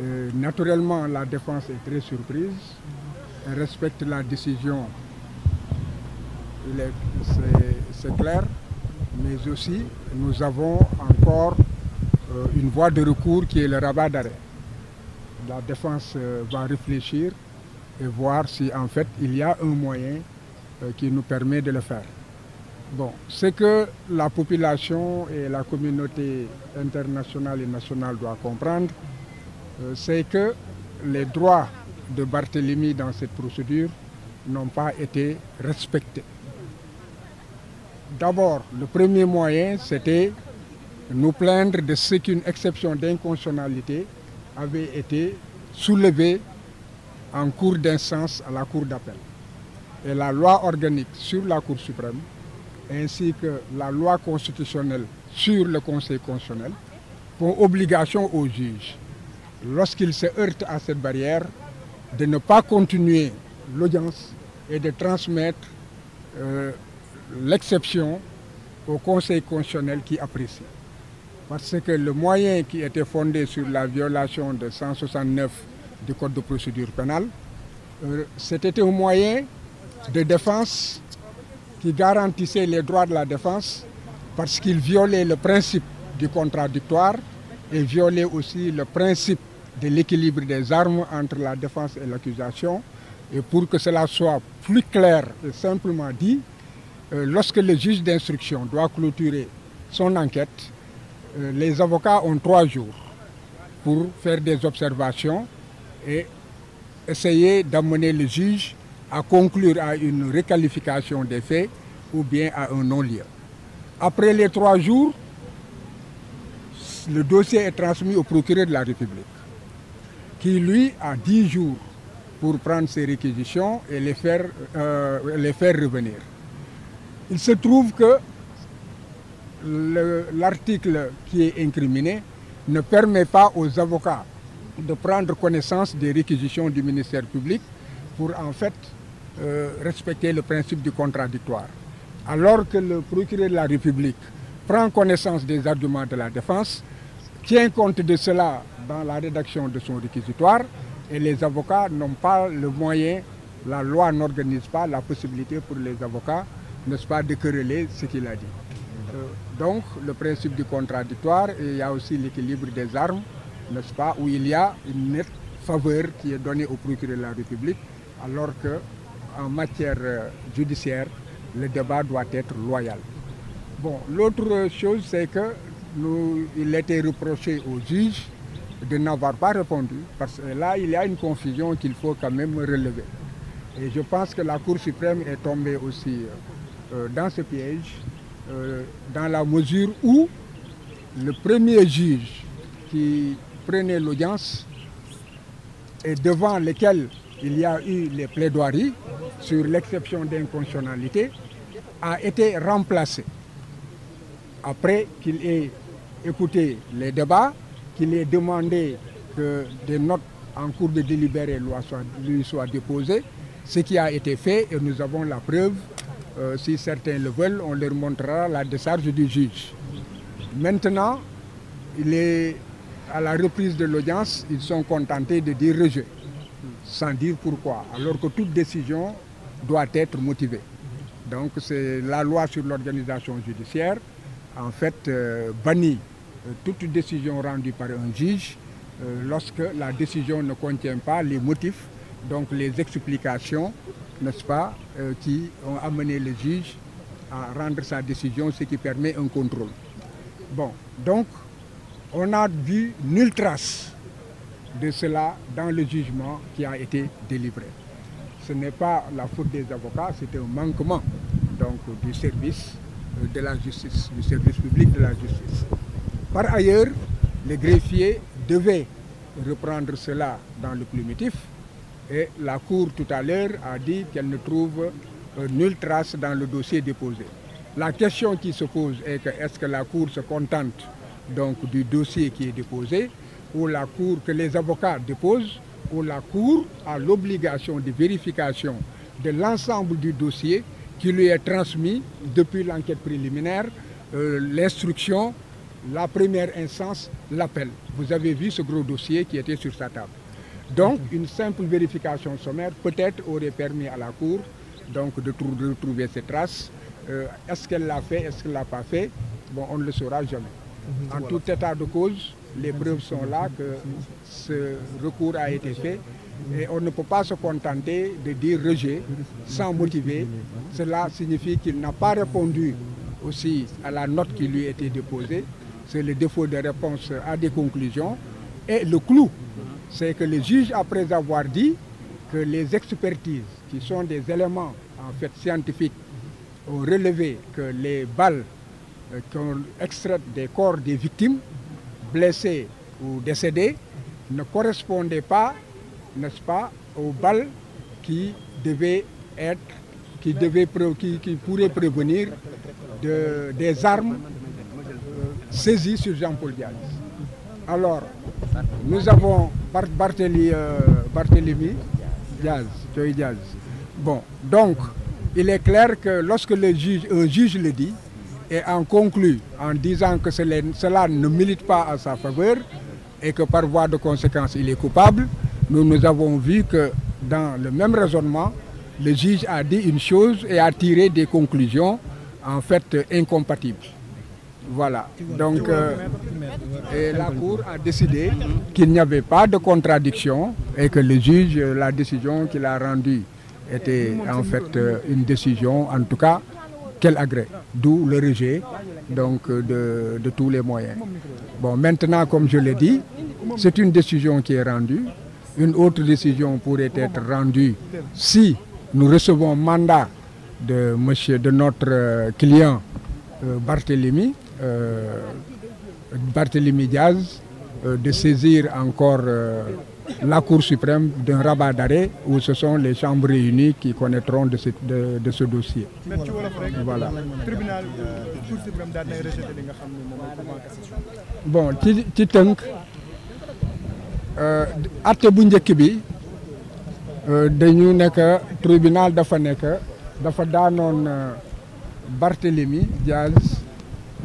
Euh, naturellement, la défense est très surprise. Elle respecte la décision, c'est est clair. Mais aussi, nous avons encore euh, une voie de recours qui est le rabat d'arrêt. La défense euh, va réfléchir et voir si en fait il y a un moyen euh, qui nous permet de le faire. Bon, ce que la population et la communauté internationale et nationale doivent comprendre, Euh, c'est que les droits de Barthélemy dans cette procédure n'ont pas été respectés. D'abord, le premier moyen, c'était nous plaindre de ce qu'une exception d'inconstitutionnalité avait été soulevée en cours d'instance à la Cour d'appel. Et la loi organique sur la Cour suprême, ainsi que la loi constitutionnelle sur le Conseil constitutionnel, font obligation aux juges lorsqu'il se heurte à cette barrière, de ne pas continuer l'audience et de transmettre euh, l'exception au Conseil constitutionnel qui apprécie. Parce que le moyen qui était fondé sur la violation de 169 du Code de procédure pénale, euh, c'était un moyen de défense qui garantissait les droits de la défense parce qu'il violait le principe du contradictoire et violait aussi le principe de l'équilibre des armes entre la défense et l'accusation. Et pour que cela soit plus clair et simplement dit, euh, lorsque le juge d'instruction doit clôturer son enquête, euh, les avocats ont trois jours pour faire des observations et essayer d'amener le juge à conclure à une requalification des faits ou bien à un non-lieu. Après les trois jours, le dossier est transmis au procureur de la République. qui lui a 10 jours pour prendre ses réquisitions et les faire, euh, les faire revenir. Il se trouve que l'article qui est incriminé ne permet pas aux avocats de prendre connaissance des réquisitions du ministère public pour en fait euh, respecter le principe du contradictoire. Alors que le procureur de la République prend connaissance des arguments de la défense, tient compte de cela dans la rédaction de son réquisitoire et les avocats n'ont pas le moyen, la loi n'organise pas la possibilité pour les avocats, n'est-ce pas, de quereller ce qu'il a dit. Euh, donc le principe du contradictoire, et il y a aussi l'équilibre des armes, n'est-ce pas, où il y a une nette faveur qui est donnée au procureur de la République, alors que en matière euh, judiciaire, le débat doit être loyal. l'autre euh, chose, nous, il était reproché au juge de n'avoir pas répondu, parce que là, il y a une confusion qu'il faut quand même relever. Et je pense que la Cour suprême est tombée aussi euh, dans ce piège, euh, dans la mesure où le premier juge qui prenait l'audience et devant lequel il y a eu les plaidoiries sur l'exception d'inconstitutionnalité a été remplacé après qu'il ait écouter les débats, qu'il est demandé que des notes en cours de délibéré lui soient déposées, ce qui a été fait et nous avons la preuve. Euh, si certains le veulent, on leur montrera la décharge du juge. Maintenant, il est à la reprise de l'audience, ils sont contentés de dire rejet, sans dire pourquoi, alors que toute décision doit être motivée. Donc c'est la loi sur l'organisation judiciaire en fait, euh, bannit euh, toute décision rendue par un juge euh, lorsque la décision ne contient pas les motifs, donc les explications, n'est-ce pas, euh, qui ont amené le juge à rendre sa décision, ce qui permet un contrôle. Bon, donc, on n'a vu nulle trace de cela dans le jugement qui a été délivré. Ce n'est pas la faute des avocats, c'est un manquement donc, du service Euh, de la justice, du service public de la justice. Par ailleurs, les greffiers devaient reprendre cela dans le plumitif et la Cour tout à l'heure a dit qu'elle ne trouve euh, nulle trace dans le dossier déposé. La question qui se pose est que est-ce que la Cour se contente donc du dossier qui est déposé ou la Cour que les avocats déposent ou la Cour à l'obligation de vérification de l'ensemble du dossier qui lui est transmis depuis l'enquête préliminaire, euh, l'instruction, la première instance, l'appel. Vous avez vu ce gros dossier qui était sur sa table. Donc, une simple vérification sommaire peut-être aurait permis à la Cour donc, de, trou de trouver ses traces. Euh, est-ce qu'elle l'a fait, est-ce qu'elle ne l'a pas fait Bon, on ne le saura jamais. En tout état de cause, les preuves sont là que ce recours a été fait et on ne peut pas se contenter de dire rejet sans motiver. Cela signifie qu'il n'a pas répondu aussi à la note qui lui était déposée. C'est le défaut de réponse à des conclusions. Et le clou, c'est que le juge, après avoir dit que les expertises, qui sont des éléments en fait scientifiques, ont relevé que les balles euh, qu'on des corps des victimes blessés ou décédés ne correspondait pas, n'est-ce pas, aux balles qui devaient être, qui, devaient, qui, qui pourraient prévenir de, des armes euh, saisies sur Jean-Paul Diaz. Alors, nous avons Barthélémy, euh, Barthélémy Diaz, Diaz. Bon, donc, il est clair que lorsque le juge, euh, juge le dit, et en conclut en disant que cela ne milite pas à sa faveur et que par voie de conséquence il est coupable, nous nous avons vu que dans le même raisonnement, le juge a dit une chose et a tiré des conclusions en fait incompatibles. Voilà. Donc, euh, et la Cour a décidé qu'il n'y avait pas de contradiction et que le juge, la décision qu'il a rendue était en fait euh, une décision, en tout cas, quel agrès, d'où le rejet donc, euh, de, de, tous les moyens. Bon, maintenant, comme je l'ai dit, c'est une décision qui est rendue. Une autre décision pourrait être rendue si nous recevons mandat de, monsieur, de notre euh, client euh, Barthélémy, euh, Barthélémy Diaz, euh, de saisir encore euh, la Cour suprême d'un rabat d'arrêt où ce sont les chambres réunies qui connaîtront de ce, de, de ce dossier. voilà euh, bon ci ci tënk euh, atte bu njëkk bi euh, dañu nekk tribunal dafa nekk dafa daanoon Barthélemy Diaz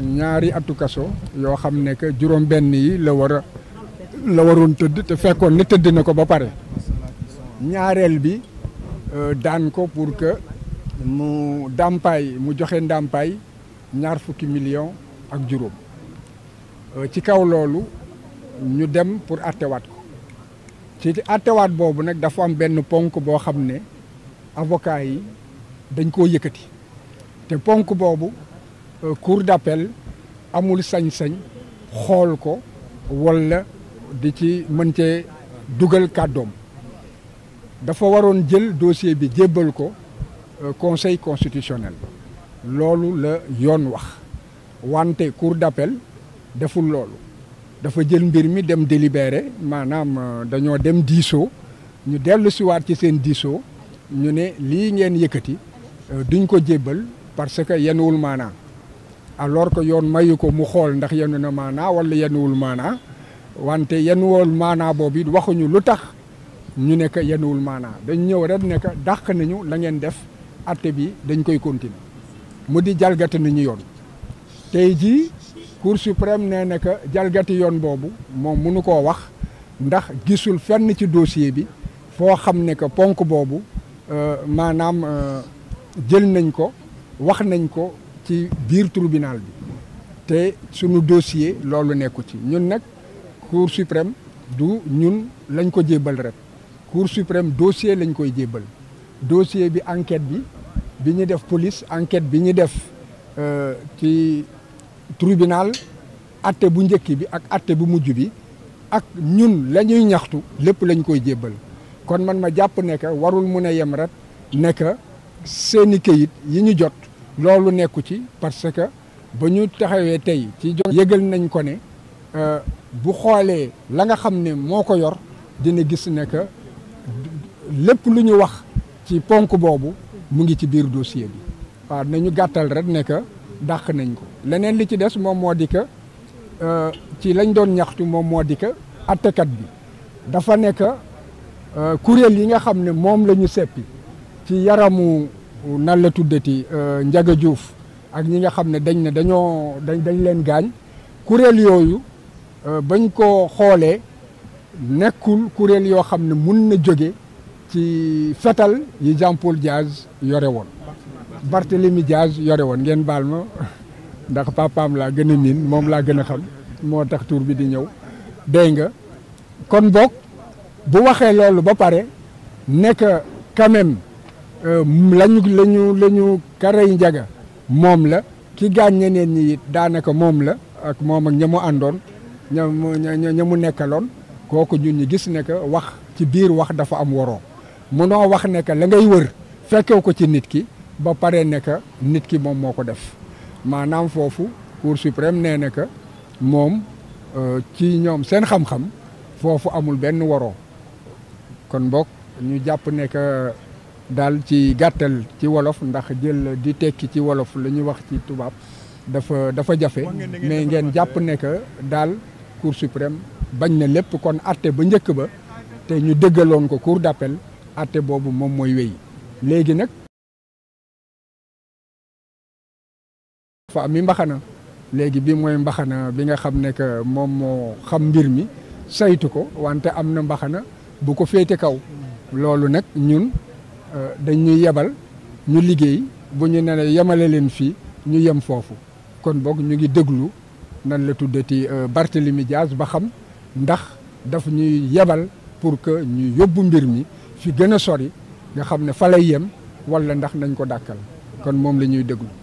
ñaari atu kaso yoo xam ne que juróom-benn yi la war la waroon tëdd te fekkoon ne tëdd na ko ba pare ñaareel bi euh, daan ko pour que mu ndàmpaay mu joxe ndàmpaay ñaar fukki million ak juróom euh, ci kaw loolu ñu dem pour attewaat ko ci attewaat boobu nag dafa am benn ponk boo xam ne avocat yi dañ koo yëkkati te ponk boobu euh, cour d'appel amul sañ-sañ xool ko walla di ci mën cee dugal kàddoom dafa waroon jël dossier bi jébbal ko euh, conseil constitutionnel loolu la yoon wax wante cour d'appel deful loolu dafa jël mbir mi dem délibéré maanaam euh, dañoo dem diisoo ñu dellu siwaat ci seen diisoo ñu ne lii ngeen yëkkati euh, duñ ko jébbal parce que yenuwul maanaa alors que yoon mayu ko mu xool ndax yenu na maanaa wala yenuwul maanaa wante yenuwul maanaa boobu it waxuñu lu tax ñu nekk yenuwul maanaa dañ ñëw rek nekk dàq nañu la ngeen def atte bi dañ koy continuer mu di jalgati nañu yoon tey jii cour suprême nee na que jalgati yoon boobu moom mënu koo wax ndax gisul fenn ci dossier bi foo xam ne que ponk boobu euh, maanaam euh, jël nañ ko wax nañ ko ci biir tribunal bi te sunu dossier loolu nekku ci ñun nag cour suprême du ñun lañ ko jébbal rek cour suprême dossier lañ koy jébbal dossier bi enquête bi bi ñu def police enquête bi ñu def euh, ci tribunal atte bu njëkk bi ak atte bu mujj bi ak ñun lañuy ñaxtu lépp lañ koy jébbal kon man ma jàpp ne warul mun a yem rek ne que seeni kayit yi ñu jot loolu nekku ci parce que ba ñu taxawee tey ci jo yëgal nañ ko ne Euh, bu xoolee la nga xam ne moo ko yor dina gis ne que lépp lu ñu wax ci ponk boobu mu ngi ci biir dossier bi waaw nañu gàttal rek ne que dàq nañ ko leneen li ci des moom moo di que euh, ci lañ doon ñaxtu moom moo di que attekat bi dafa nekk euh, kuréel yi nga xam ne moom la ñu seppi ci yaramu nan la tuddati Njaga Juuf ak ñi nga xam ne dañ ne dañoo dañ dañ leen gaañ kuréel yooyu Euh, bañ ko xoolee nekkul kuréel yoo xam ne mun na jóge ci fetal yi Jean Paul Diaz yore woon Barthélemy Diaz yore woon ngeen baal ma ndax papaam laa gën a miin moom laa gën a xam moo tax tur bi di ñëw dégg nga kon boog bu waxee loolu ba pare nekk quand même euh, lañu lañu la njaga moom la ki gaañ ñeneen ñi daanaka moom la ak moom ak ña àndoon ña mu ña mu nekkaloon kooku ñun ñu gis ne que wax ci biir wax dafa am waroo mënoo wax ne que la ngay wër fekkew ko ci nit ki ba pare ne nit ki moom moo ko def maanaam foofu pour suprême nee na que moom euh, ci ñoom seen xam-xam foofu amul benn waroo kon boog ñu jàpp ne que daal ci gàttal ci wolof ndax jël di tekki ci wolof la ñuy wax ci tubaab dafa dafa jafe mais ngeen jàpp ne que daal cour bañ na lépp kon atte ba njëkk ba te ñu dëggaloon ko cour d'appel atte boobu moom mooy wéy léegi nag fa am mbaxana léegi bi mooy mbaxana bi nga xam ne moom moo xam mbir mi saytu ko wante am na mbaxana bu ko féete kaw loolu nag ñun euh, dañuy yebal ñu liggéey bu ñu ne yemale leen fii ñu yem foofu kon boog ñu ngi déglu nan la tuddati euh, Barthélemy Diaz ba xam ndax daf ñuy yebal pour que ñu yóbbu mbir mi fi gën a sori nga xam ne fa lay yem wala ndax nañ ko dàkkal kon moom la ñuy déglu.